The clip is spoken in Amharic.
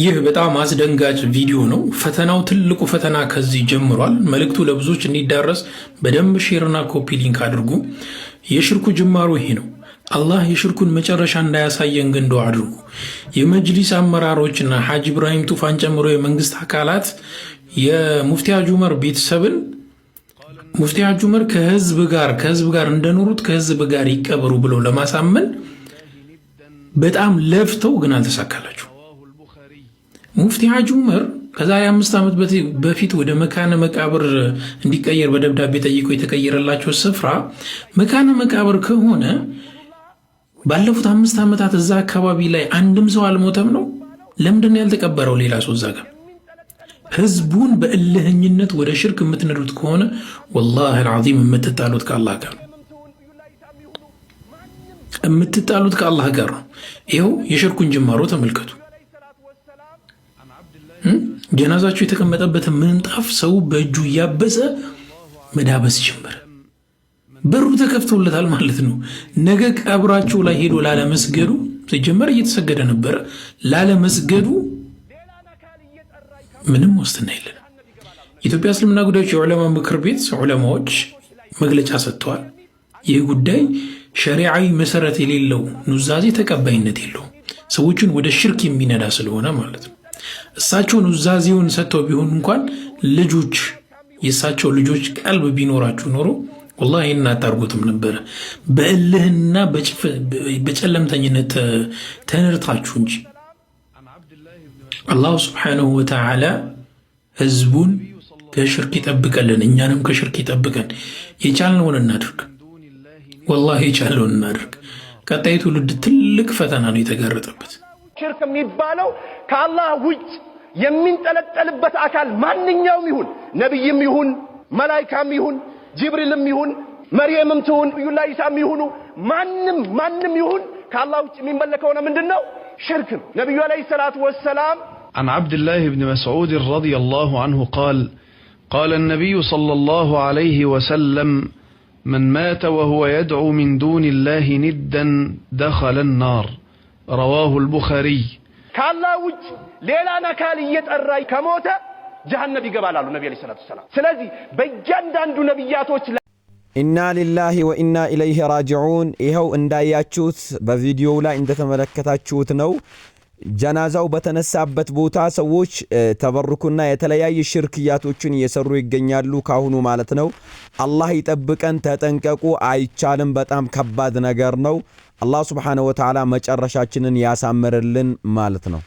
ይህ በጣም አስደንጋጭ ቪዲዮ ነው። ፈተናው ትልቁ ፈተና ከዚህ ጀምሯል። መልእክቱ ለብዙዎች እንዲዳረስ በደንብ ሼርና ኮፒ ሊንክ አድርጉ። የሽርኩ ጅማሮ ይሄ ነው። አላህ የሽርኩን መጨረሻ እንዳያሳየን ግን አድርጉ። የመጅሊስ አመራሮችና ሐጅ ኢብራሂም ቱፋን ጨምሮ የመንግስት አካላት የሙፍቲ ሐጂ ዑመር ቤተሰብን ሙፍቲ ሐጂ ዑመር ከህዝብ ጋር ከህዝብ ጋር እንደኖሩት ከህዝብ ጋር ይቀበሩ ብለው ለማሳመን በጣም ለፍተው ግን አልተሳካላቸው ሙፍቲ ሀጂ ዑመር ከዛሬ አምስት ዓመት በፊት ወደ መካነ መቃብር እንዲቀየር በደብዳቤ ጠይቆ የተቀየረላቸው ስፍራ መካነ መቃብር ከሆነ ባለፉት አምስት ዓመታት እዛ አካባቢ ላይ አንድም ሰው አልሞተም ነው። ለምንድን ያልተቀበረው? ሌላ ሰው እዛ ጋር ህዝቡን በእልህኝነት ወደ ሽርክ የምትነዱት ከሆነ ወላሂ አልዓዚም የምትጣሉት ከአላህ ጋር የምትጣሉት ከአላህ ጋር ነው። ይኸው የሽርኩን ጅማሮ ተመልከቱ። ጀናዛቸው የተቀመጠበትን ምንጣፍ ሰው በእጁ እያበሰ መዳበስ ጀመረ። በሩ ተከፍቶለታል ማለት ነው። ነገ ቀብራቸው ላይ ሄዶ ላለመስገዱ ሲጀመር እየተሰገደ ነበረ። ላለመስገዱ ምንም ዋስትና የለንም። የኢትዮጵያ እስልምና ጉዳዮች የዑለማ ምክር ቤት ዑለማዎች መግለጫ ሰጥተዋል። ይህ ጉዳይ ሸሪዓዊ መሰረት የሌለው ኑዛዜ ተቀባይነት የለውም። ሰዎችን ወደ ሽርክ የሚነዳ ስለሆነ ማለት ነው። እሳቸውን ውዛዜውን ሰጥተው ቢሆን እንኳን ልጆች የእሳቸው ልጆች ቀልብ ቢኖራችሁ ኖሮ ወላሂ ይህን አታርጉትም ነበረ። በእልህና በጨለምተኝነት ተንርታችሁ እንጂ አላሁ ስብሓነሁ ወተዓላ ህዝቡን ከሽርክ ይጠብቀልን፣ እኛንም ከሽርክ ይጠብቀን። የቻልነውን እናድርግ፣ ወላሂ የቻልነውን እናድርግ። ቀጣይ ትውልድ ትልቅ ፈተና ነው የተጋረጠበት። ሽርክ የሚባለው ከአላህ ውጭ የሚንጠለጠልበት አካል ማንኛውም ይሁን ነቢይም ይሁን መላይካም ይሁን ጅብሪልም ይሁን መርየምም ትሁን እዩላ ኢሳም ይሁኑ ማንም ማንም ይሁን ከአላህ ውጭ የሚመለክ ሆነ ምንድን ነው ሽርክ ነው ነቢዩ አለይሂ ሰላቱ ወሰላም عن عبد الله بن مسعود رضي الله عنه قال قال النبي صلى الله عليه وسلم من مات وهو يدعو من دون الله ندا دخل النار رواه البخاري ከአላህ ውጭ ሌላን አካል እየጠራ ከሞተ ጀሃነብ ይገባል አሉ ነቢ ዓለይሂ ሰላቱ ወሰላም። ስለዚህ በእያንዳንዱ ነቢያቶች ኢና ሊላሂ ወኢና ኢለይሂ ራጅዑን። ይኸው እንዳያችሁት በቪዲዮው ላይ እንደተመለከታችሁት ነው። ጀናዛው በተነሳበት ቦታ ሰዎች ተበርኩና የተለያዩ ሽርክያቶችን እየሰሩ ይገኛሉ። ካሁኑ ማለት ነው። አላህ ይጠብቀን። ተጠንቀቁ። አይቻልም። በጣም ከባድ ነገር ነው። አላህ ስብሓነሁ ወተዓላ መጨረሻችንን ያሳምርልን ማለት ነው።